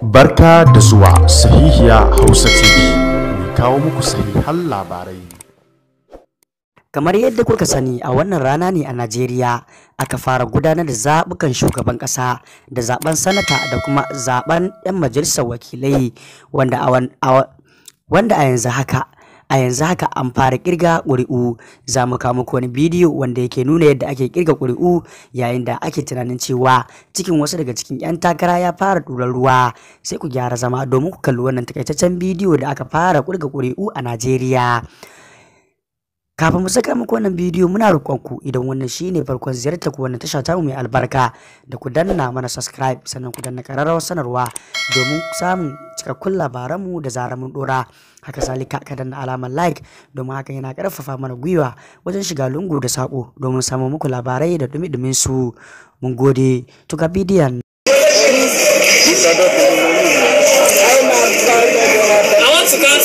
Barka da zuwa sahihiya Hausa TV mai kawo muku sahihan labarai. Kamar yadda kuka sani a wannan rana ne a Najeriya aka fara gudanar da zaɓukan shugaban ƙasa da zaɓen sanata da kuma zaɓen 'yan majalisar wakilai wanda a yanzu haka a yanzu haka an fara kirga ƙuri'u za mu kawo muku wani bidiyo wanda yake nuna yadda ake kirga ƙuri'u yayin da ake tunanin cewa cikin wasu daga cikin 'yan takara ya fara ɗurar ruwa sai ku gyara zama domin ku kalli wannan takaitaccen bidiyo da aka fara kirga ƙuri'u a Najeriya. Kafin mu saka muku wannan bidiyo muna ku idan wannan shine farkon ziyartar ku wannan tasha ta mu mai albarka da ku danna mana subscribe sannan ku danna ƙararrawar sanarwa domin samun cikakkun labaranmu da zarar mun dora. Haka salika ka danna alamar like domin hakan yana karfafa mana gwiwa wajen shiga lungu da saƙo domin samun muku labarai da dumi-dumin su. Mun gode. Tuka bidiyon. I want to count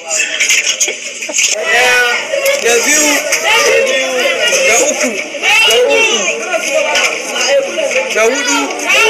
da hudu kamar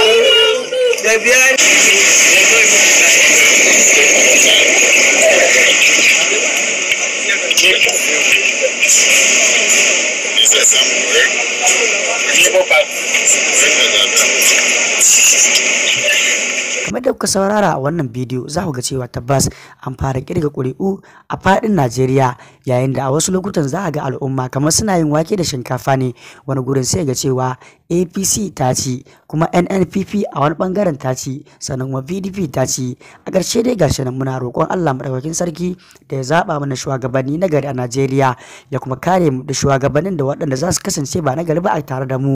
da kuka saurara a wannan bidiyo za ku ga cewa tabbas an fara kirga ƙuri'u a faɗin najeriya yayin da a wasu lokutan za a ga al'umma kamar suna yin wake da shinkafa ne wani gurin sai ga cewa apc ta ci kuma nnpp a wani bangaren ta ci sannan kuma pdp ta ci a ƙarshe dai gashi nan muna roƙon allah maɗaukakin sarki da ya zaɓa mana shugabanni na gari a najeriya ya kuma kare mu da shugabannin da waɗanda za su kasance ba na gari ba a tare da mu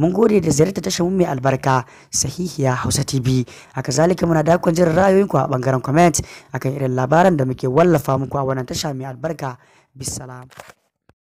mun gode da ziyarta tashar mu mai albarka sahihiya hausa tv haka zalika muna dakon jin ra'ayoyinku a bangaren comment akan irin labaran da muke wallafa muku a wannan tasha mai albarka Bissalam.